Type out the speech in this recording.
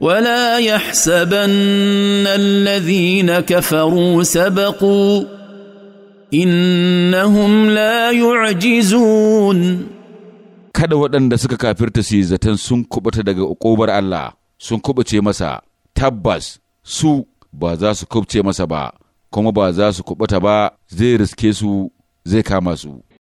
ولا يحسبن الذين كفروا سبقوا إنهم لا يعجزون kada waɗanda suka kafirta su zaton sun kubuta daga ƙobar Allah sun kubuce masa tabbas su ba za su kubce masa ba kuma ba za su kubuta ba zai riske su zai kama su